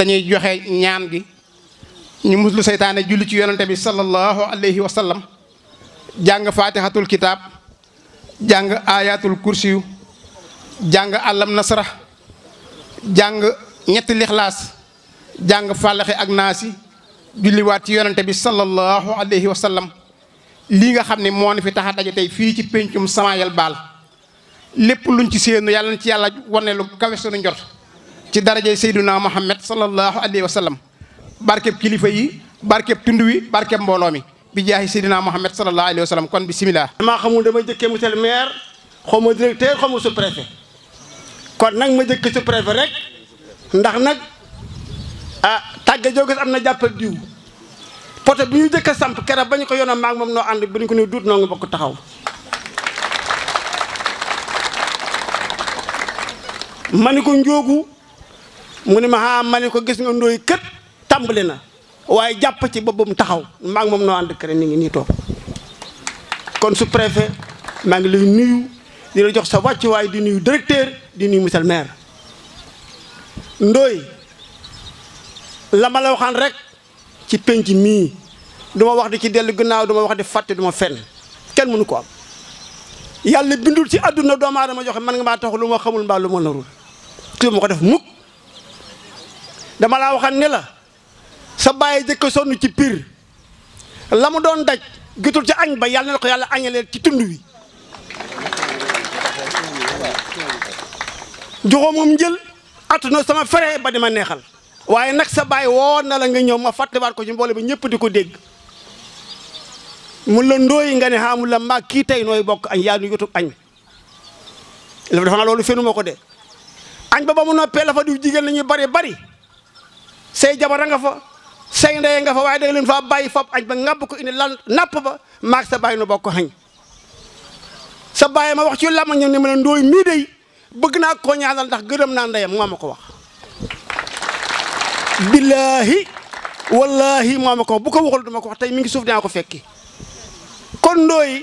dañuy joxe ñaan gi ñu muslu seytaane julli ci yonante bi sallallahu alayhi wa sallam jàng faatixatul kitaab jàng ayatul kursiyu jàng àllam nasara jàng ñetti lixlaas jàng fàllaxe ak naasi julliwaat ci yonante bi sallallahu alayhi wa sallam lii nga xam ne moo ne fi tax a daje tey fii ci péncum Samayel Baal lépp luñ ci séenu yàlla na ci yàlla wane lu kawe sunu njort ci darajay Seyduna Muhammad sallallahu alayhi wa sallam barkeb kilifa yi barkeb tund wi barkeb mbooloo mi bi jaahi Seydina Muhammad sallallahu alayhi wa sallam kon bisimilah. damaa xamul damay jëkkee monsieur le maire xaw ma directeur xaw ma sous kon nag ma jëkk sous-préfet rek ndax nag ah tàgge joo gis am na jàppal diw poto bi ñu jëkk a samp keroog ba ñu ko yoonam maag moom noo ànd bu ñu ko nuy duut noo ngi bokk taxaw. ma ni ko njóogu mu ne ma ah ma ne ko gis nga ndooy kët tàmbali na waaye jàpp ci boppam taxaw maa ngi moom noo ànd kër mi ngi nii toog kon su préfet maa ngi lay nuyu di la jox sa wàccuwaay di nuyu directeur di nuyu monsieur le ndooy la ma la waxaan rek ci penc mii du ma wax di ci dellu gannaaw du ma wax di fàtte du ma fenn kenn mënu ko am yàlla bindul ci àdduna doomu aadama joxe man nga maa tax lu ma xamul mbaa lu ma narul te ma ko def mukk dama laa waxan ne la sa baay jëkk sonn ci piir la mu doon daj gitul ci añ ba yàlla na ko yàlla leen ci tund wi joxoo moom njël na sama fere ba di ma neexal waaye nag sa baay woon na la nga ñëw ma fàttaliwaat ko ci mboole bi ñëpp di ko dégg mun la ndóoyi nga ne xaamu la mbaa kii tey nooy bokk añ yaa nu yotub añ dafa naa loolu fenuma ko de añ ba ba mu noppee la fa diw jigéen la ñuy bari bari say jabara nga fa say ndey nga fa waaye da leen faa bàyyi fab añ ba ngàbb ko indi lan napp ba maag sa bàyyi nu bokk xañ sa bàyyi ma wax ci làmmiñam ne ma ne ndooy mii day bëgg naa ko ñaanal ndax gërëm naa ndeyam moo ma ko wax billaahi wallaahi moo ma ko wax bu ko waxul duma ko wax tey mi ngi suuf dinaa ko fekki kon ndooy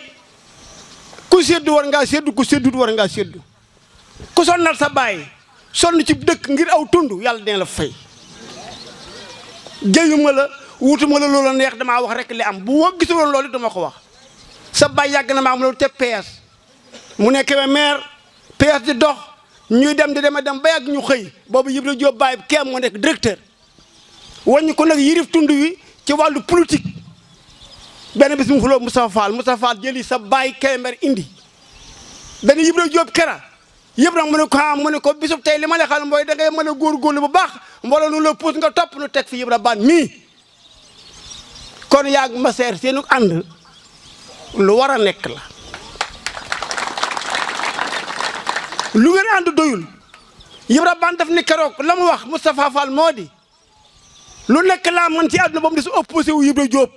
ku séddu war ngaa seddu ku séddut war ngaa séddu ku sonnal sa bàyyi sonn ci dëkk ngir aw tund yàlla dina la fay jëyuma la wutuma la loola neex damaa wax rek li am bu ma gisuloon loolu dama ko wax sa baay yàgg na maa am loolu te PS mu nekk maire PS di dox ñuy dem di dema dem ba yàgg ñu xëy boobu Ibra Diop Baye kee moo nekk directeur waññi ko nag yirif tund wi ci wàllu politique benn bis mu xuloo Moussa Fall Moussa Fall jëli sa baay Kébémer indi dañu Ibra Diop Kera yëpp nag mu ne ko ah mu ne ko bisub tey li ma la xal mbooy da ngay mën a góorgóorlu bu baax mbooloo nu la puus nga topp nu teg fi Ibra Baan mii kon yaag ma seer seenu ànd lu war a nekk la lu ngeen ànd doyul Ibra Baan daf ni keroog la mu wax Moustapha Fall moo di lu nekk laa man ci àdduna ba mu di su opposé wu Ibra Jóob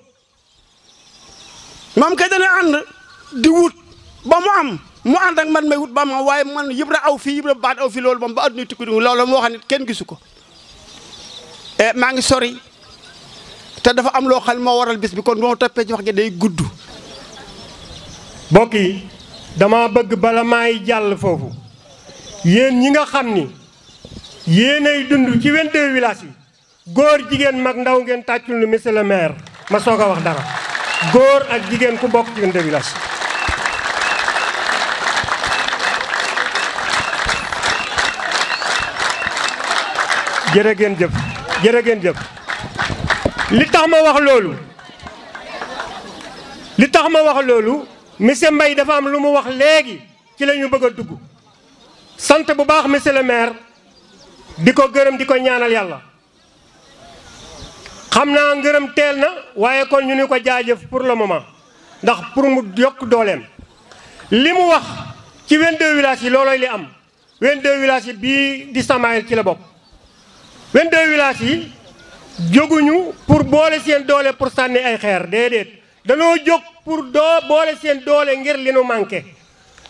moom kay dana ànd di wut ba mu am mu ànd ak man may wut ba ma waaye man yibra aw fi yibra baat aw fi loolu moom ba adduna tukki du loolu moo xam ne kenn gisu ko eh, maa ngi sori te dafa am loo xam moo waral bis bi kon moo toppee ci wax gi day gudd mbokk yi dama bëgg bala maay jàll foofu yéen ñi nga xam ni yéenay dund ci 22 villages yi góor jigéen mag ndaw ngeen tàccul lu monsieur le ma soog a wax dara góor ak jigéen ku bokk ci 22 villages jërë jëf jërë jëf li tax ma wax loolu li tax ma wax loolu monsieur Mbaye dafa am lu mu wax léegi ci la ñu bëgg a dugg sant bu baax monsieur le maire di ko gërëm di ko ñaanal yàlla xam naa ngërëm teel na waaye kon ñu ni ko jaajëf pour le moment ndax pour mu yokk dooleem li mu wax ci 22 villages yi loolooy li am 22 villages yi bii di Samayel ci la bokk 22 villages yi jóguñu pour boole seen doole pour sànni ay xeer déedéet danoo jóg pour doo boole seen doole ngir li nu manqué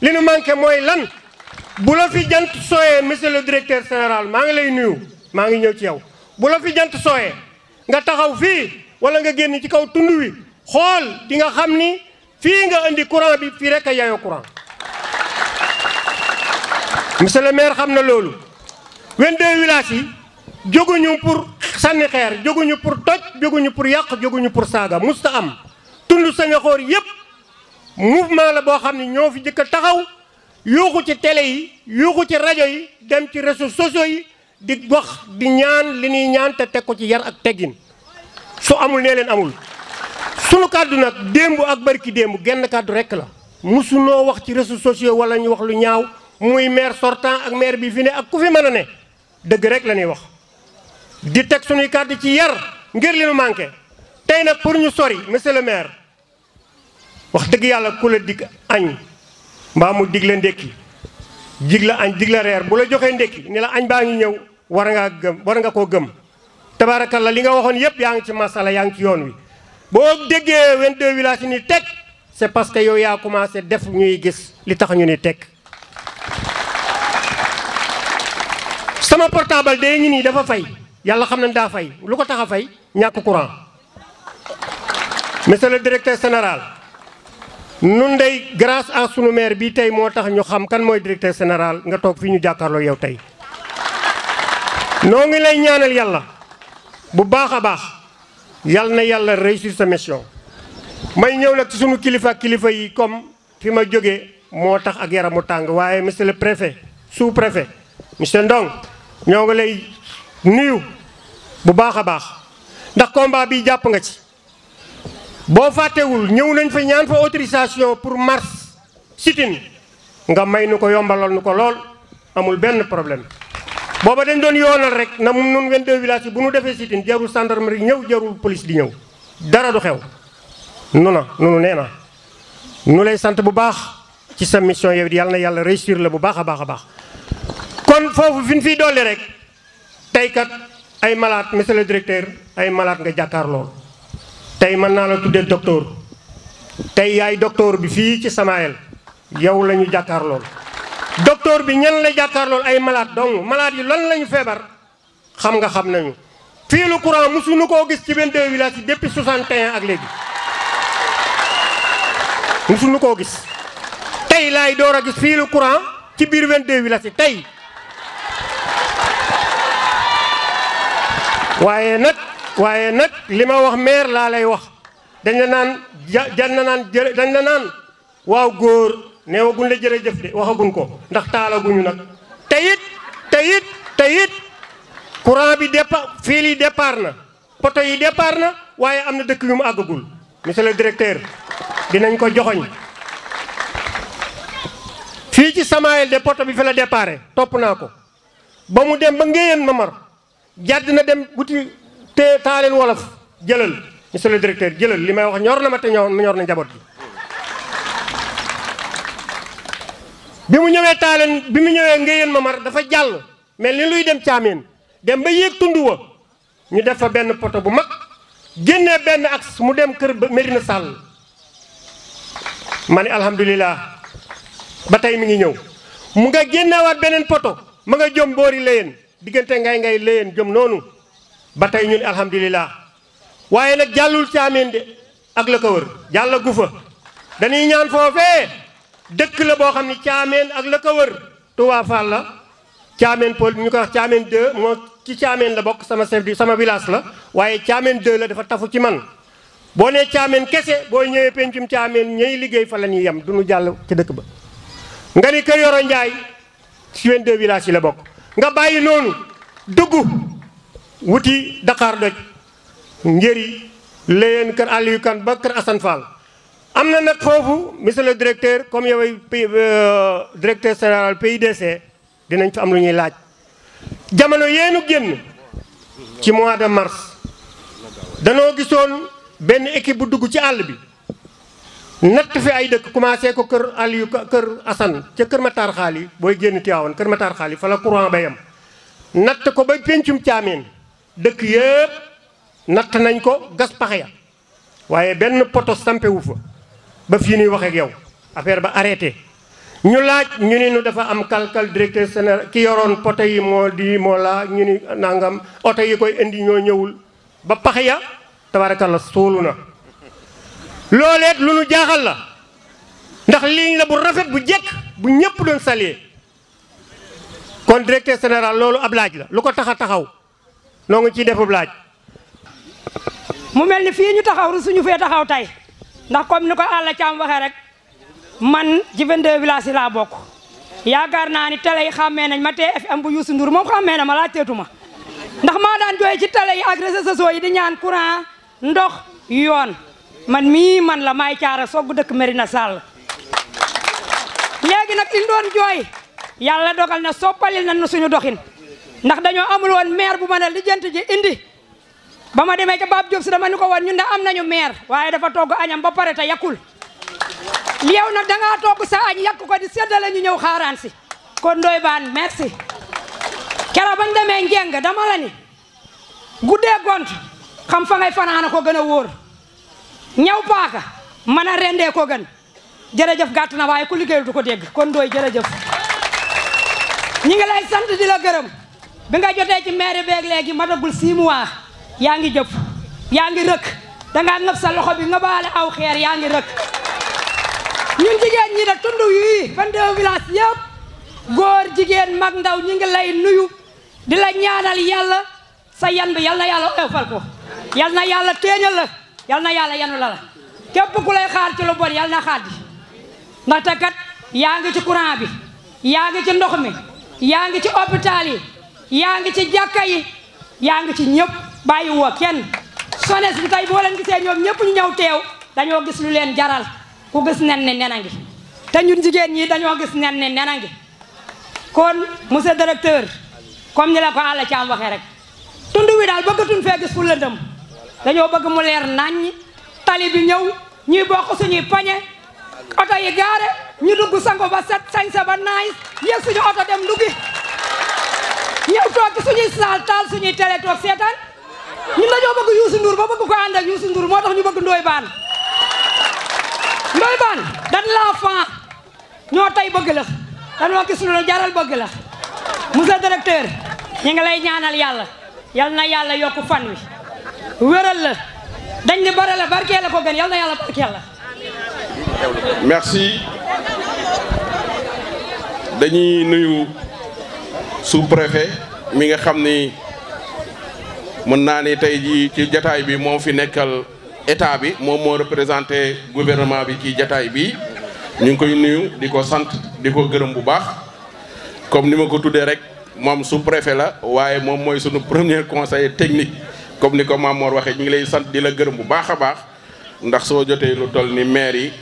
li nu manqué mooy lan bu la fi jant sooyee monsieur le directeur général maa ngi lay nuyu maa ngi ñëw ci yow bu la fi jant sooyee nga taxaw fii wala nga génn ci kaw tund wi xool di nga xam ni fii nga indi courant bi fii rek a yayoo courant monsieur le maire xam na loolu 22 villages yi jóguñu pour sànni xeer jóguñu pour toj jóguñu pour yàq jóguñu pour saaga musta am tund Sangaxoor yépp mouvement la boo xam ne ñoo fi jëkk a taxaw yuuxu ci télé yi yuuxu ci rajo yi dem ci réseaux sociaux yi di wax di ñaan li ñuy ñaan te teg ko ci yar ak teggin su amul nee leen amul sunu kàddu nag démb ak barki démb genn kàddu rekk la musunoo wax ci réseaux sociaux walla ñu wax lu ñaaw muy maire sortant ak maire bi fi ne ak ku fi mën a ne dëgg rekk la ñuy wax di teg suñuy kàddu ci yar ngir li nu manqué tey nag pour ñu sori monsieur le maire wax dëgg yàlla ku la dig añ mbaa mu dig la ndékki dig la añ dig la reer bu la joxee ndékki ni la añ baa ngi ñëw war ngaa gëm war nga koo gëm la li nga waxoon yépp yaa ngi ci masala yaa ngi ci yoon wi boo déggee 22 villages yi ni teg c'est parce que yow yaa commencé def ñuy gis li tax ñu ni teg sama portaabal de ñu nii dafa fay yàlla xam nañ daa fay lu ko tax a fay ñàkk courant monsieur le directeur général nun day grâce à sunu maire bi tey moo tax ñu xam kan mooy directeur sénéral nga toog fii ñu jàkkarloo yow tey noo ngi lay ñaanal yàlla bu baax a baax yàlla na yàlla réussir sa mission may ñëw nag ci sunu kilifa kilifa yi comme fi ma jóge moo tax ak yaramu tàng waaye monsieur le préfet sous préfet monsieur Ndong ñoo ngi lay nuyu bu baax a baax ndax combat bi jàpp nga ci boo fàttewul ñëw nañ fa ñaan fa autorisation pour mars sitin nga may nu ko yombalal nu ko lool amul benn problème booba dañ doon yoonal rek na mu nun 22 villages yi bu nu defee sitin jarul gendarmerie ñëw jarul police di ñëw dara du xew nu na nunu nee na nu lay sant bu baax ci sa mission yow yàlla na yàlla réussir la bu baax a baax a baax kon foofu fi ñu fiy dolli rek tey kat ay malaat monsieur le directeur ay malaat nga jàkkaar lool tey mën naa la tuddee docteur tey yaay docteur bi fii ci Samael yow lañu ñu jàkkaar lool docteur bi ñan la jàkkaar lool ay malaat dong malaat yi lan lañu feebar xam nga xam nañu fii lu courant mosuñu koo gis ci 22 villages yi depuis 61 ak léegi mosuñu koo gis tey lay door a gis fii lu courant ci biir 22 villages yi tey waaye nag waaye nag li ma wax maire laa lay wax dañ la naan jan na naan jërë dañ la naan waaw góor neewaguñ la jërëjëf de waxaguñ ko ndax taalaguñu nag te it te it te it bi départ fil yi départ na poto yi départ na waaye am na dëkk yu mu àggagul monsieur le directeur dinañ ko joxoñ fii ci Samayel de poto bi fi la déparé topp naa ko ba mu dem ba ngéyeen ma jàdd na dem wuti te taaleen wolof jëlal monsieur le directeur jëlal li may wax ñor na ma te ñor ñor na njaboot bi bi mu ñëwee taaleen bi mu ñëwee ngéyeen ma mar dafa jàll mel ni luy dem caameen dem ba yéeg tund wa ñu def fa benn poto bu mag génnee benn axe mu dem kër Mérina Sall ma ne alhamdulilah ba tey mi ngi ñëw mu nga génneewaat beneen poto ma nga jom boori layeen diggante ngay ngay léyeen jëm noonu ba tey ñun alhamdulilah waaye nag jàllul caameen de ak la ko wër jàlla gu fa dañuy ñaan foofee dëkk la boo xam ne caameen ak la ko wër Touba la caameen Paul ñu ko wax caameen 2 moo ci caameen la bokk sama chef di sama village la waaye caameen 2 la dafa tafu ci man boo nee caameen kese boo ñëwee pencum caameen ñëy liggéey fa la ñuy yem du ñu jàll ci dëkk ba nga ni Kër Yoro Ndiaye ci 22 villages yi la bokk nga bàyyi noonu dugg wuti Dakar doj ngéri léyeen kër Aliou Kane ba kër Assane Fall am na nag foofu monsieur le directeur comme yoway euh, directeur général PIDC dinañ fa am lu ñuy laaj jamono yeenu génn ci mois de mars danoo gisoon benn équipe bu dugg ci àll bi natt fi ay dëkk commencé ko kër Aliou kër Assane ca kër Matar Xaali booy génn Tiwaawan kër Matar Xaali fa la courant ba natt ko ba péncum caameen dëkk yëpp natt nañ ko gas paxe ya waaye benn poto sampe fa ba fii nuy wax ak yow affaire ba arrêté ñu laaj ñu ni nu dafa am kalkal directeur général ki yoroon poto yi moo di moo laa ñu ni nangam oto yi koy indi ñoo ñëwul ba paxe ya tabarakalla suulu na looleet lu nu jaaxal la ndax ligne la bu rafet bu jekk bu ñëpp doon saluer kon directeur général loolu ab laaj la lu ko tax a taxaw noo ngi ciy defub laaj. mu mel ni fii ñu taxaw ru suñu fee taxaw tay ndax comme ni ko àll caam waxee rek man ci 22 villages yi laa bokk yaakaar naa ni télé yi xàmmee nañ ma TFM bu Youssou Ndour moom xàmmee na ma laa laajteetu ma ndax maa daan jooyee ci tale yi ak réseaux sociaux yi di ñaan courant ndox yoon. man mii man la may caara sogg dëkk Merina Sall léegi nag li doon jooy yàlla dogal na soppalil nañu suñu doxin ndax dañoo amul woon maire bu man a lijjanti ji indi ba ma demee ca Baab Diop si dama ni ko woon ñu de am nañu meer waaye dafa togg añam ba pare te yàkkul yow nag dangaa togg sa añ yàkk ko di séddale ñu ñëw xaaraan si kon doy baan merci kera bañ demee njeng dama la ni guddee gont xam fa fanaana ko gën a wóor ñaw paaka mën a rendee ko gën jërëjëf gàtt na waaye ku liggéeyul du ko dégg kon dooy jërëjëf ñi ngi lay sant di la gërëm bi nga jotee ci maire beeg léegi matagul six mois yaa ngi jëf yaa ngi rëkk dangaa ngëb sa loxo bi nga baale aw xeer yaa ngi rëkk ñun jigéen ñi da tund yii vingt-deux village yëpp góor jigéen mag ndaw ñi ngi lay nuyu di la ñaanal yàlla sa yan bi yal na yàlla oyofal ko yal na yàlla téeñal yal na yàlla yanu la la képp ku lay xaar ci lu yal na xaar ndaxte kat yaa ngi ci courant bi yaa ngi ci ndox mi yaa ngi ci hôpital yi yaa ngi ci jàkka yi yaa ngi ci ñëpp bàyyi woo kenn sones bi tey boo leen gisee ñoom ñëpp ñu ñëw teew dañoo gis lu leen jaral ku gis nen ni nena ngi te ñun jigéen ñii dañoo gis nen ni nena ngi kon monsieur directeur comme ni la ko àll ci am waxee rek tund wi daal bëggatuñ fee gis fu lëndëm dañoo bëgg mu leer naññ tali bi ñëw ñuy bokk suñuy pañe oto yi gaare ñu dugg sango ba set sañ sa ba naay yéeg suñu oto dem duggi ñëw toog ci suñuy saal taal suñuy télé toog seetaan ñun dañoo bëgg Youssou ba bëgg ko ànd ak Youssou Ndour moo tax ñu bëgg Ndoye Bane Ndoye Bane dañ laa fan ñoo tey bëgg la dañoo gis lu la jaral bëgg la monsieur directeur ñu lay ñaanal yàlla yal na yàlla yokk fan wi wéral la dañ ne bare la barkeel la yal na yàlla barkeel la merci dañuy nuyu su préfet mi nga xam ni mën naa ni tey jii ci jataay bi moom fi nekkal état bi moom moo représenté gouvernement bi ci jataay bi ñu ngi koy nuyu di ko sant di ko gërëm bu baax comme ni ma ko tuddee rek moom su préfet la waaye moom mooy sunu premier conseiller technique comme ni ko Mamor waxee ñu ngi lay sant di la gërëm bu baax a baax ndax soo jotee lu toll ni maire yi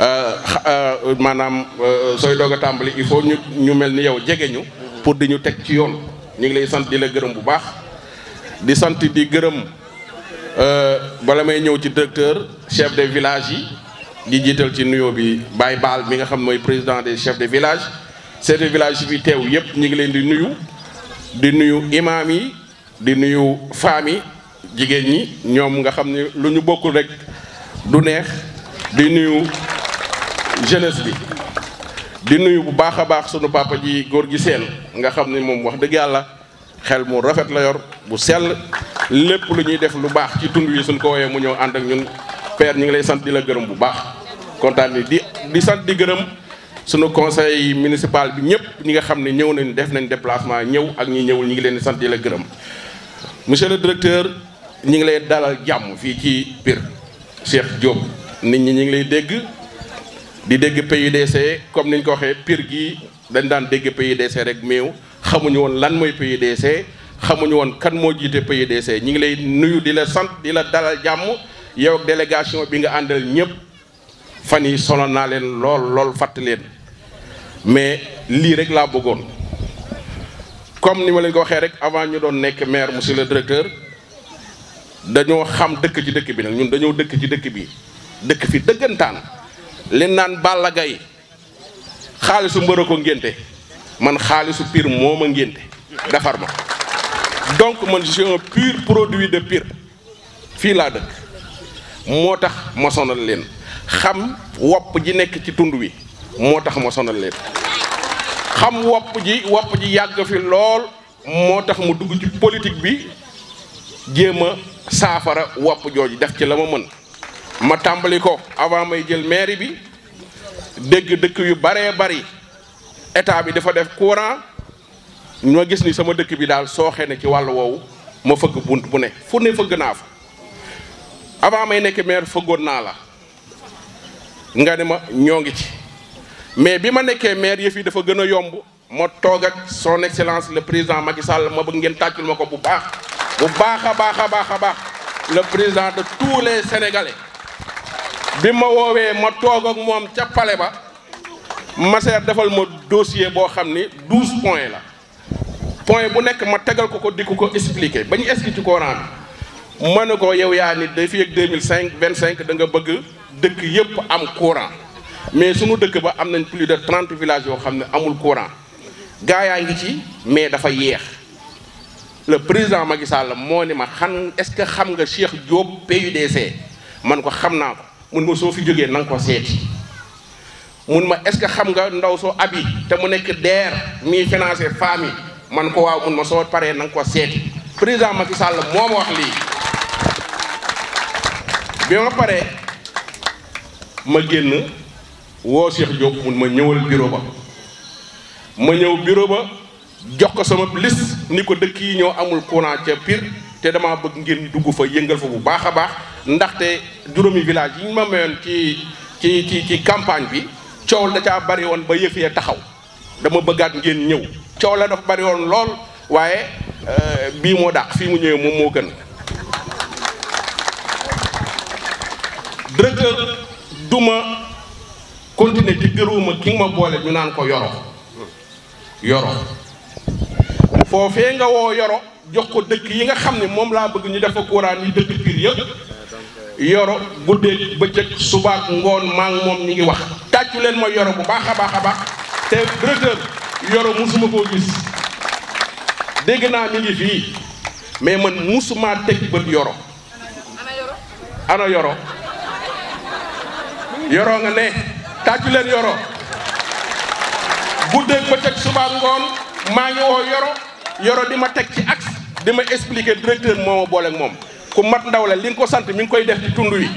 euh, euh, maanaam euh, sooy doog a tàmbali il faut ñu ñu mel ni yow jege ñu. pour di ñu teg ci yoon. ñu ngi lay sant di la gërëm bu baax di sant di gërëm bala may ñëw ci directeur chef de village yi di jiital ci nuyoo bi baay Baal mi nga xam mooy président des chefs de village. chefs de village yi fi teew yëpp ñu ngi leen di nuyu di nuyu imaam yi di nuyu femmes yi jigéen ñi ñoom nga xam ni lu ñu bokkul rek du neex di nuyu jeunesse bi di nuyu bu baax a baax sunu papa ji góor gi seen nga xam ne moom wax dëgg yàlla xel mu rafet la yor bu sell lépp lu ñuy def lu baax ci tund wi suñ ko mu ñëw ànd ak ñun père ñu ngi lay sant di la gërëm bu baax kontaan ni di di sant di gërëm sunu conseil municipal bi ñëpp ñi nga xam ne ñëw nañ def nañ déplacement ñëw ak ñi ñëwul ñi ngi leen di sant di la gërëm monsieur directeur ñi ngi lay dalal jàmm fii ci Pire Cheikh Diop nit ñi ñi ngi lay dégg di dégg PUDC comme niñ ko waxee piir gii dañ daan dégg PUDC rek meew xamuñu woon lan mooy PUDC xamuñu woon kan moo jiite PUDC ñi ngi lay nuyu di la sant di la dalal jàmm yow ak délégation bi nga àndal ñëpp fan yi sonal naa leen lool lool fàttali leen mais lii rek laa bëggoon comme ni ma leen ko waxee rek avant ñu doon nekk maire monsieur le directeur dañoo xam dëkk ci dëkk bi nag ñun dañoo dëkk ci dëkk bi dëkk fi dëggantaan leen naan Balla Gaye xaalisu mbër ko ngénte man xaalisu Pire moo ma ngénte defar ma donc man je suis un produit de Pire fii laa dëkk moo tax ma sonal leen xam wopp ji nekk ci tund wi moo tax ma sonal leen xam wopp ji wopp ji yàgg fi lool moo tax mu dugg ci politique bi jéem a saafara wopp jooju def ci la ma mën ma tàmbali ko avant may jël mairie bi dégg dëkk yu baree bari état bi dafa def courant ma gis ni sama dëkk bi daal sooxe na ci wàll woowu ma fëgg bunt bu ne fu ne fëgg naa fa avant may nekk maire fëggoon naa la nga ne ma ñoo ngi ci mais bi ma nekkee maire yëf yi dafa gën a yomb ma toog ak son excellence le président Macky Sall ma bëgg ngeen tàccul ma ko bu baax bu baax a baax a baax a baax le président de tous les sénégalais bi ma woowee ma toog ak moom ca pale ba Masser defal ma dossier boo xam ne douze points la point bu nekk ma tegal ko ko di ko ko expliquer ba ñu expliqué ci Coran bi ma ne ko yow yaa ni da fi ak mille cinq vingt cinq da nga bëgg dëkk yépp am courant mais suma dëkk ba am nañ plus de trente village yoo xam ne amul courant gaa yaa ngi ci mais dafa yéex. le président Macky Sall moo ni ma xam est-ce que xam nga Cheikh Diop PUDC man ko xam naa ko mun ma soo fi jógee nanga nga ko seeti mun ma est-ce que xam nga ndaw soo abi te mu nekk DER mi financé femmes yi man ko waaw mun ma soo paree na nga ko seeti président Macky Sall moo ma wax lii bi ma paree ma génn woo Cheikh Diop mun ma ñëwal bureau ba ma ñëw bureau ba. jox ko sama liste ni ko dëkk yi ñëw amul courant ca Pire te damaa bëgg ngeen dugg fa yëngal fa bu baax a baax ndaxte juróomi village yi ñu ma mayoon ci ci ci ci campagne bi coow la caa bari woon ba yëf ya taxaw dama bëggaat ngeen ñëw coow la dafa bari woon lool waaye euh, bii moo dàq fii mu ñëwee moom moo gën directeur duma continuer ci gëruma ki nga ma boole ñu naan ko yoro yoro foofee nga woo yoro jox ko dëkk yi nga xam ne moom laa bëgg ñu def ko kuraan yi dëkk piir yëpp yoro guddeeg bëccëg subaak ngoon maa ngi moom ñi wax tàccu leen mooy yoro bu baax a baax a baax musuma koo gis dégg naa mi ngi fii mais man musuma teg bët yoro ana yoro yoro nga ne tàccu yoro guddeeg bëccëg subaak ngoon maa ngi woo yoro yoro di ma teg ci axe di ma expliquer directeur moo ma boole moom ku mat ndaw la li nga ko sant mi ngi koy def ci tund wi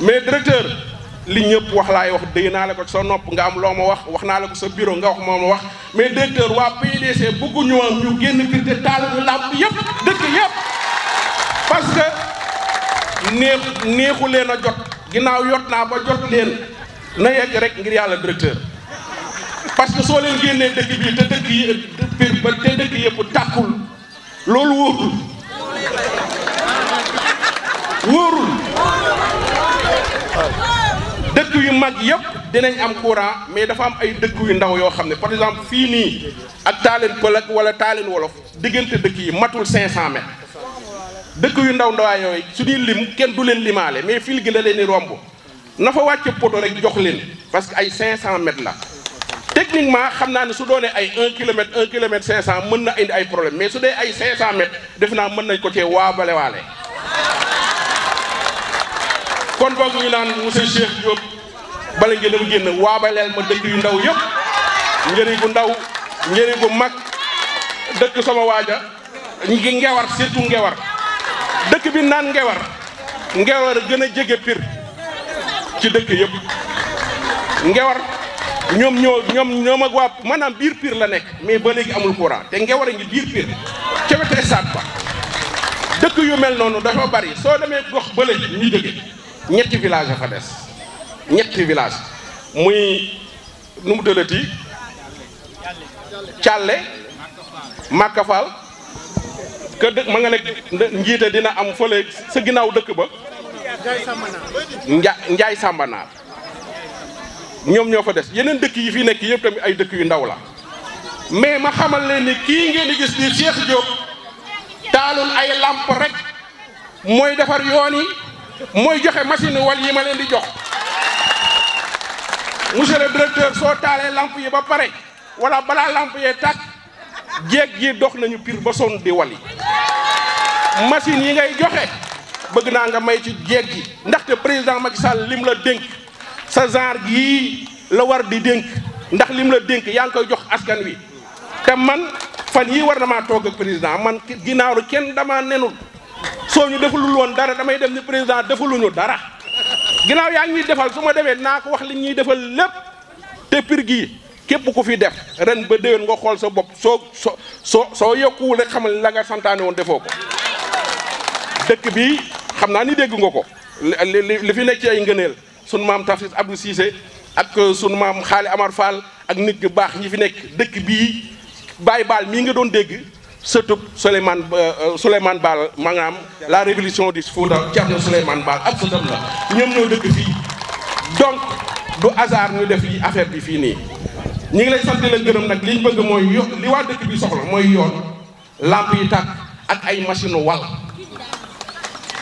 mais directeur li ñëpp wax laay wax dégg naa la ko sa nopp nga am loo ma wax wax naa la ko sa bureau nga wax moo ma wax mais directeur waa PDC bëgguñu am ñu génn kii te taal ñu làmp yëpp dëkk yëpp parce que neex neexu leen a jot ginnaaw yot naa ba jot leen na yegg rek ngir yàlla directeur parce que soo leen génnee dëkk bi te dëkk yi ba te dëkk yëpp tàkkul loolu wóorul wóorul dëkk yu mag yëpp dinañ am courant mais dafa am ay dëkk yu ndaw yoo xam ne par exemple fii nii ak taaleen pël ak wala taaleen wolof diggante dëkk yi matul 500 mètres dëkk yu ndaw ndawaa yooyu su ñuy lim kenn du leen limaale mais fil gi da leen romb na fa wàcce poto rek jox leen parce que ay 500 mètres la. techniquement xam naa ne su doonee ay 1 kilomètre 1 kilomètre mën na indi ay problème mais ay 500 def naa mën nañ ko cee waabale waale. kon boog ñu bala ngeen a génn waabaleel ma dëkk yu ndaw yëpp bu ndaw njëriñ bu mag dëkk sama waaja ngi ngewar surtout ngewar dëkk bi naan ngewar ngewar gën a jege Pire ci dëkk yëpp ngewar. ñoom ñoo ñoom ñoom ak waa maanaam biir Pire la nekk mais ba léegi amul courant te Ngewar a ngi biir Pire ca wetu stade ba dëkk yu mel noonu dafa bari soo demee gox bële ñu jóge ñetti village a fa des ñetti village muy nu mu tëddati Càlle Màkkafaal que dëkk ma nga nekk njiite dina am fële sa ginnaaw dëkk ba nja njaay sàmbanaar ñoom ñoo fa des yeneen dëkk yi fi nekk yëpp tamit ay dëkk yu ndaw la mais ma xamal leen ni kii ngeen di gis ni Cheikh Diop taalul ay làmp rek mooy defar yoon yi mooy joxe machine wal yi ma leen di jox monsieur le directeur soo taalee làmp yi ba pare wala balaa lamp yee tàkk jéeg yi dox nañu pir ba sonn di wali machine yi ngay joxe bëgg naa nga may ci jéeg yi ndaxte président Macky Sall lim la dénk sa genre yii la war di dénk ndax lim la dénk yaa ngi koy jox askan wi te man fan yii war na maa toog ak président man ginnaaw kenn damaa nenul soo ñu defalul loon dara damay dem ni président defaluñu dara ginnaaw yaa ngi ñuy defal su ma demee naa ko wax li ñuy defal lépp te pir gii képp ku fi def ren ba déwén nga xool sa bopp soo so soo soo yokkuwul rek xamal la nga santaane woon defoo ko dëkk bi xam naa ni dégg nga ko li li fi nekk ci ay ngëneel sunu maam Tafsir Abdou Cissé ak euh, sunu maam Xaali Amar Fall ak nit ñu baax ñi fi nekk dëkk bii baay Baal mii nga doon dégg surtout Souleymane euh, Souleymane Baal maanaam la révolution du Fouta Thierno Souleymane Baal ab sëtam la ñoom ñoo dëkk fii donc du hasard ñu def yi affaire bi fii nii ñu ngi lay sant la gërëm nag li bëgg mooy yo li waa dëkk bi soxla mooy yoon lamp yi tàkk ak ay machine wal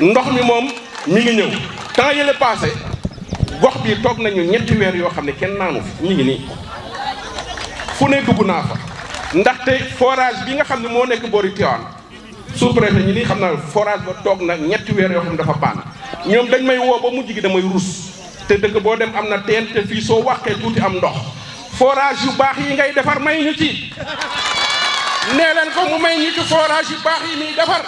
ndox mi moom mi ngi ñëw temps yële passé gox bii toog nañu ñetti weer yoo xam ne kenn naanu fi ñu ngi nii fu ne dugg naa fa ndaxte forage bi nga xam ne moo nekk boori Tivaouane sous-préfet ñi nii xam naa forage ba toog na ñetti weer yoo xam ne dafa panne ñoom dañ may woo ba mujj gi damay rus te dëkk boo dem am na teen te fii soo waxee tuuti am ndox forage yu baax yi ngay defar may ñu ci nee leen mu may ñu ci forage yu baax yi muy defar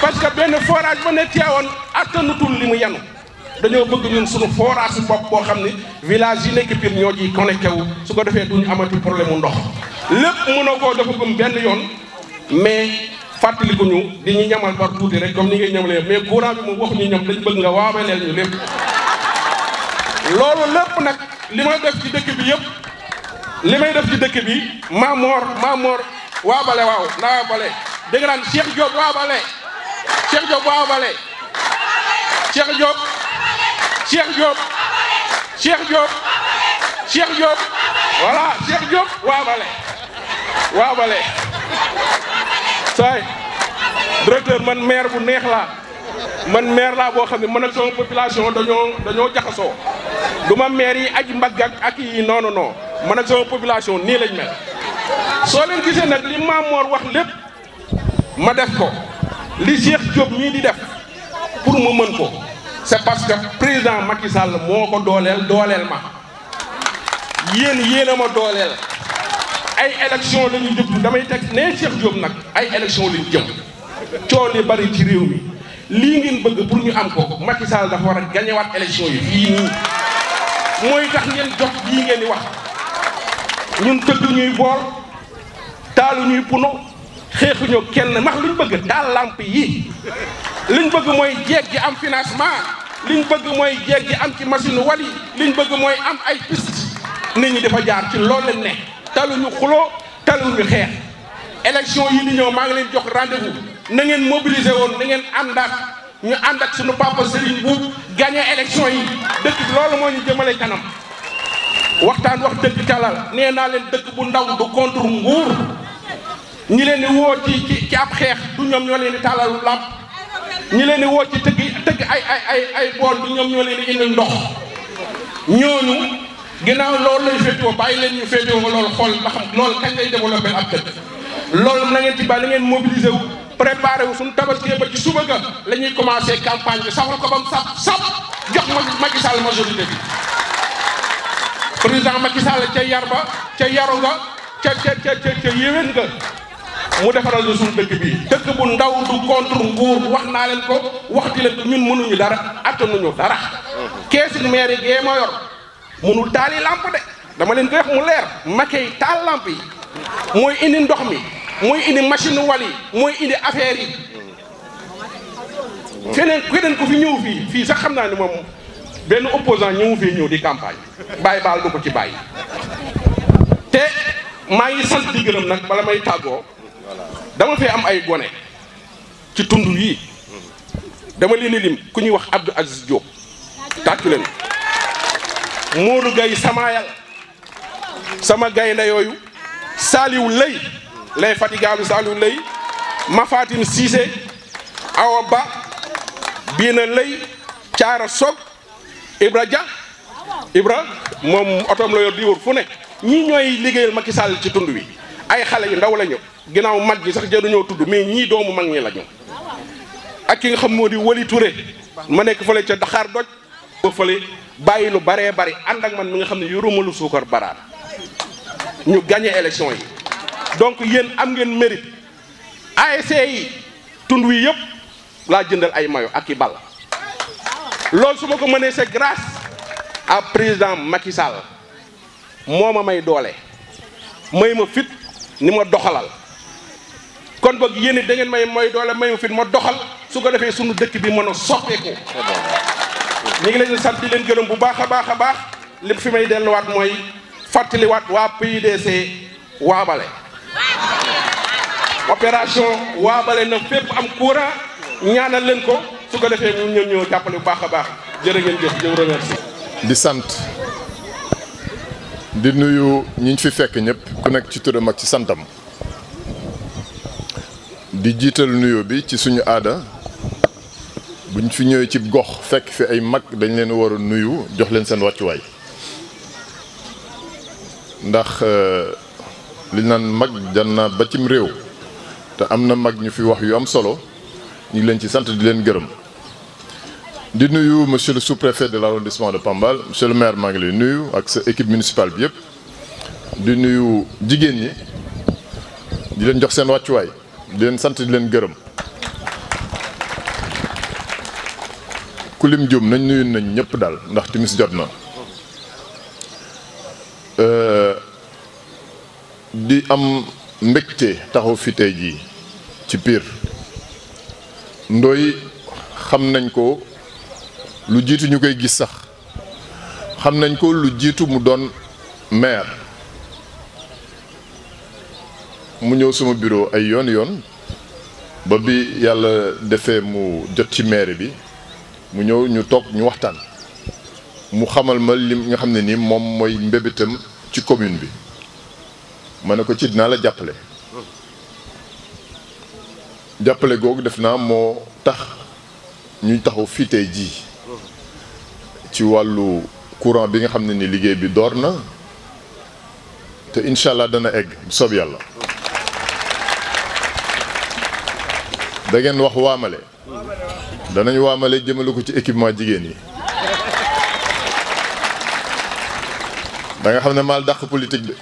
parce que benn forage ba ne Tivaouane attanutul li mu yanu dañoo bëgg ñun suñu forage bopp boo xam ne village yi nekk Pire ñoo ciy connecté wu su ko defee duñu amati problème mu ndox lépp mënoo koo defagum benn yoon mais fàttalikuñu di ñu ñamal par tuuti rek comme ni ngay ñamalee mais courant bi moom waxuñu ñoom dañ bëgg nga waamaleel ñu lépp loolu lépp nag li ma def ci dëkk bi yëpp li may def ci dëkk bi Mamor Mamor waa Bale waaw naa Bale dégg naan Cheikh Diop waa Bale Cheikh Diop waa Bale Cheikh Diop Cheikh Diop Cheikh Diop voilà Cheikh Diop saay directeur man maire bu neex laa man maire laa boo xam ne man ak sama population dañoo dañoo jaxasoo du ma maire yi aji mbagg ak yi noonu noo non man ak sama population nii lañ mel soo leen gisee nag li Mamor wax lépp ma def ko li Cheikh Diop mii di def pour mu mën ko c'est parce que président Macky Sall moo ko dooleel dooleel ma yéen yéen ma dooleel ay élection la ñu jëm damay teg nee Cheikh Diop nag ay élection la ñu jëm coow li bari ci réew mi lii ngeen bëgg pour ñu am ko Macky Sall dafa war a gañewaat élection yi fii nii mooy tax ngeen jox lii ngeen di wax ñun tëdd ñuy bool taalu ñuy puno xeexuñu kenn max ñu bëgg taal làmp yi liñ bëgg mooy jeeg ji am financement liñ bëgg mooy jeeg ji am ci machine wali liñ bëgg mooy am ay piste nit ñi dafa jaar ci loolu lañ ne taluñu xuloo taluñu xeex élection yi di ñëw maa ngi leen jox rendez-vous na ngeen mobiliser woon na ngeen àndaat ñu ànd ak suñu papa Serigne Boubou gaaña élection yi dëkk loolu moo ñu jëmale kanam waxtaan wax dëkk calal nee naa leen dëkk bu ndaw du contre nguur ñi leen di woo ci ci ab xeex du ñoom ñoo leen di tàllal làmp ñu leen di woo ci tëgg tëgg ay ay ay ay bool bi ñoom ñoo leen di indil ndox ñooñu ginnaaw loolu lañ féetewoo bàyyi leen ñu féetewoo nga loolu xool ba xam loolu kañ lay développé ab dëkk loolu na ngeen ci bàyyi na ngeen mobiliser wu préparé wu suñu tabaskee ba ci suba ga la ñuy commencé campagne bi safal ko ba mu saf saf jox Macky Sall majorité bi ma Macky Sall ca yar ba ca yaru nga ca ca ca ca yéwén nga mu defaral ñu suñu dëkk bi dëkk bu ndaw du contre nguur wax naa leen ko waxti leen ko ñun mënuñu dara attanuñu dara keesu mairie gee ma yor mënul taali lamp de dama leen koy wax mu leer makey taal lamp yi mooy indi ndox mi mooy indi machine wal yi mooy indi affaire yi keneen keneen ku fi ñëw fii fii sax xam naa ni moom benn opposant ñëw fii ñëw di campagne bàyyi baal du ko ci bàyyi te maa ngi sant di gërëm nag bala may tàggoo dama fee am ay gone ci tund yii dama leen lim ku ñuy wax Abdou Aziz Diop tàccu leen Modou Gaye sama yàlla sama gaynde yooyu Saliou Lay lay fatigaalu Saliou Lay Mafatim Cissé Awa Ba Biina Lay Caara Soog Ibra Dia Ibra moom otoom la yor di wër fu ne ñi ñooy liggéeyal Macky Sall ci tund wi ay xale yu ndaw la ñu ginnaaw mag gi sax jaruñoo tudd mais ñii doomu mag ñi lañu ak ki nga xam moo di Wali Touré ma nekk fële ca Daxaar doj ba fële bàyyi lu baree bari ànd ak man mi nga xam ne yorumalu suukar baraar ñu gagné élection yi donc yéen am ngeen mérite ASC yi tund wi yëpp laa jëndal ay mayo ak i ball loolu su ma ko mënee se grâce à président Macky Sall moo ma may doole may ma fit ni ma doxalal kon boog yéen it da ngeen may mooy doole mayu fit ma doxal su ko defee sunu dëkk bi mën a soppeeku ñu ngi leen sant di leen gërëm bu baax a baax a baax li fi may delluwaat mooy fàttaliwaat waa PUDC waabale opération waabale na fépp am courant ñaanal leen ko su ko defee ñun ñoo ñëw jàppale bu baax a baax jërë ngeen jëf jëw remercie di sant di nuyu ñi ñu fi fekk ñëpp ku nekk ci turam ak ci santam di jiital nuyo bi ci suñu aada buñ fi ñëwee ci gox fekk fi ay mag dañ leen war nuyu jox leen seen wàccuwaay ndax euh, li naan mag jan janna ba cim réew te am na mag ñu fi wax yu am solo ñu ngi leen ci sant di leen gërëm di nuyu monsieur le sous-préfet de l'arrondissement de Pambal monsieur le maire maa ngi lay nuyu ak sa équipe municipale bi yëpp di nuyu jigéen ñi di leen jox seen wàccuwaay di leen sant di leen gërëm kulim lim jum nañ nuyu nañ ñëpp daal ndax timis jot na di am mbégte taxaw fi tey jii ci Pire Ndoye xam nañ ko lu jiitu ñu koy gis sax xam nañ ko lu jiitu mu doon maire mu ñëw sama bureau ay yoon yoon ba bi yàlla defee mu jot ci maire bi mu ñëw ñu toog ñu waxtaan mu xamal ma li nga xam ne nii moom mooy mbébétam ci commune bi ma ne ko ci dinaa la jàppale jàppale googu def naa moo tax ñu taxaw fiite tey jii ci wàllu courant bi nga xam ne ni liggéey bi door na te incha dana egg bu yàlla da ngeen wax waamale danañu waamale jëmale ko ci équipement jigéen yi da nga xam ne maal dàq politique de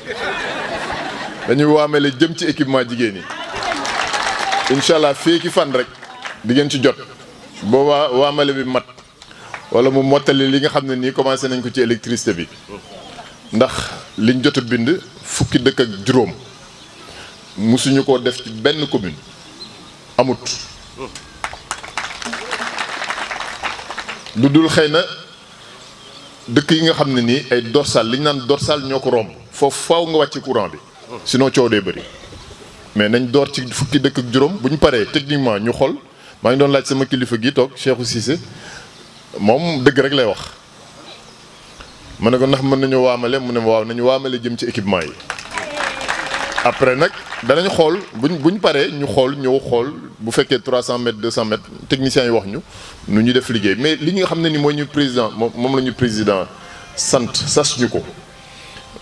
dañuy waamale jëm ci équipement jigéen yi incha allah fii ki fan rek di ngeen ci jot booba waamale bi mat wala mu mottali li nga xam ne nii commencé nañ ko ci électricité bi ndax liñ jot a bind fukki dëkk ak juróom mosuñu ko def ci benn commune amut lu dul xëy na dëkk yi nga xam ne nii ay dorsal li ñu naan dorsal ñoo ko romb foofu faaw nga wàcc courant bi sinon coow dee bëri mais nañ door ci fukki dëkk ak juróom bu ñu paree techniquement ñu xool maa ngi doon laaj sama kilifa gi toog Cheikhou Cissé moom dëgg rek lay wax ma ne ko ndax mën nañu waamale mu ne waaw nañu waamale jëm ci équipement yi après nag danañu xool buñ buñ paree ñu xool ñëw xool bu fekkee 300 mètres 200 mètres techniciens yi wax ñu nu ñu def liggéey mais li nga xam ne ni mooy ñu président moom la ñu président sant sas ñu ko.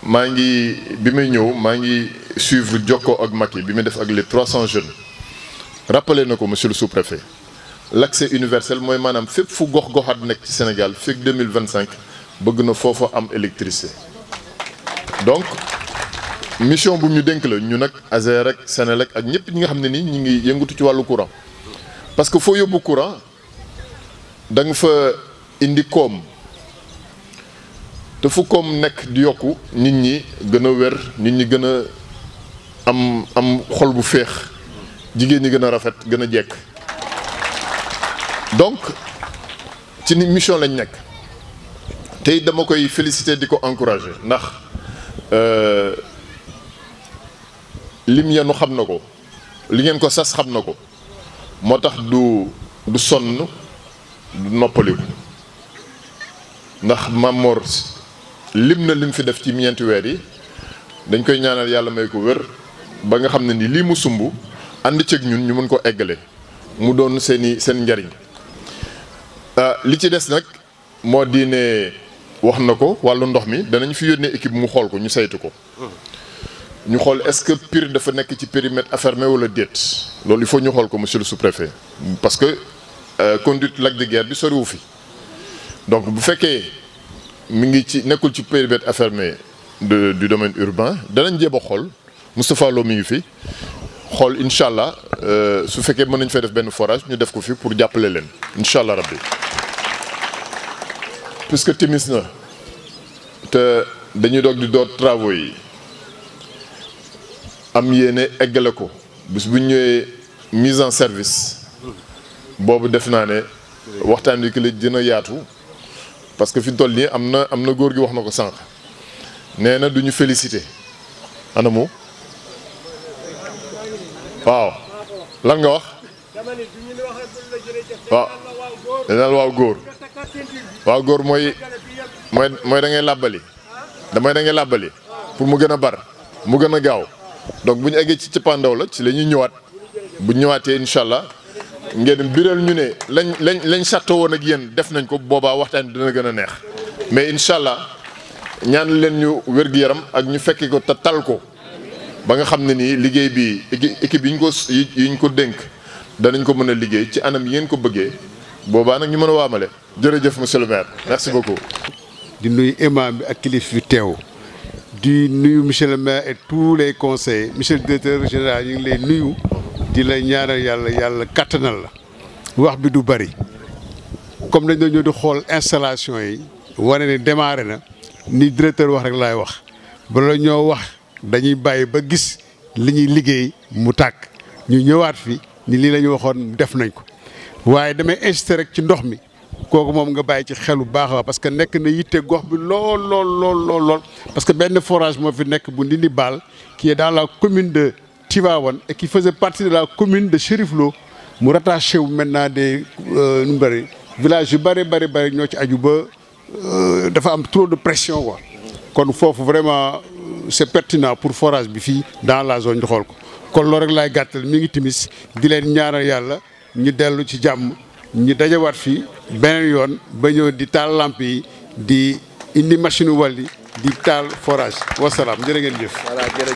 maa ngi bi may ñëw maa ngi suivre jokkoo ak Macky bi muy def ak les 300 jeunes rappelé na ko monsieur le sous-préfet l' universelle mooy maanaam fépp fu gox-goxaat nekk ci Sénégal fekk 2025 bëgg na foofa am électricité donc. mission bu ñu dénk la ñu nag ASER rek Senelec ak ñëpp ñi nga xam ne ni ñu ngi yëngatu ci wàllu courant parce que foo yóbbu courant danga fa indi koom te fu koom nekk di yokku nit ñi gën a wér nit ñi gën a am am xol bu féex jigéen ñi gën a rafet gën a jekk donc ci nit mission lañ nekk tey dama koy féliciter di ko encourager ndax. Euh, lim yenu xam na ko li ngeen ko sas xam na ko moo tax du du sonn du noppaliku ndax Mamor lim na lim fi def ci ñeenti weer yi dañ koy ñaanal yàlla may ko wér ba nga xam ne ni lii mu sumb ànd ceeg ñun ñu mën ko eggale mu doon seeni seen njariñ ah, li ci des nag moo di ne wax na ko wàllu ndox mi danañ fi yónnee équipe mu xool ko ñu saytu ko hmm. ñu xool est-ce que Pire dafa nekk ci périmètre affermé wala déet loolu il faut ñu xool ko monsieur le sous-préfet parce que euh, conduite lac de Guiers bi soriwu fi donc bu fekkee mi ngi ci nekkul ci périmètre affermé de du domaine urbain danañ jéem a xool Moustapha Lo mi ngi fi xool incha allah euh, su fekkee mën nañ fay def benn forage ñu def ko fi pour jàppale leen incha allah rabbi puisque timis na te dañuy doog di door travaux yi. am yéene eggale ko bis bu ñëwee mise en service boobu def naa ne waxtaan wi ki la gën yaatu parce que fi toll nii am na am na góor gi wax na ko sànq nee na du ñu félicité anamu waaw lan nga wax waaw danal waaw góor waaw góor mooy mooy mooy da ngay làbbali damay da ngay làbbali pour mu gën a bar mu gën a gaaw donc bu ñu eggee ci cëppaandaw la ci la ñuy ñëwaat bu ñëwaatee incha allah ngeen biral ñu ne lañ lañ lañ sàttoo woon ak yéen def nañ ko boobaa waxtaan dina gën a neex mais incha allah ñaan leen ñu wér-gu-yaram ak ñu fekki ko te tal ko ba nga xam ne nii liggéey bi équipe yi ñu ko yi ñu ko dénk danañ ko mën a liggéey ci anam yi ko bëggee boobaa nag ñu mën a waamale jërëjëf monsieur le maire merci beaucoup. di nuyu bi ak kilif yu teew. di nuyu monsieur le maire et tous les conseillers monsieur le directeur général ñu ngi lay nuyu di la ñaanal yàlla yàlla kattanal la wax bi du bëri comme dañ doon ñëw di xool installation yi wane ni demare na ni directeur wax rek laay wax bala ñoo wax dañuy bàyyi ba gis li ñuy liggéey mu tàkk ñu ñëwaat fi ni lii lañu waxoon def nañ ko waaye damay insister rek ci ndox mi kooku moom nga bàyyi ci xelu baax a parce que nekk na yitte gox bi lool lool lool lool lool parce que benn forage moo fi nekk bu ni ni Baal qui est dans la commune de Tivaouane et qui faisait partie de la commune de Chérif Lo mu rattaché wu maintenant des euh, nu mu bëri village yu bëri bëri bëri ñoo ci aju ba euh, dafa am trop de pression wa kon foofu vraiment euh, c'est pertinant pour forage bi fii dans la zone ñu xool ko kon loolu rek laay gàttal mi ngi timis di leen ñaanal yàlla ñu dellu ci jàmm ñu dajawaat fii beneen yoon ba ñëw di taal lamp yi di indi machine wàlli di taal forage wasalaam jërë ngeen jëf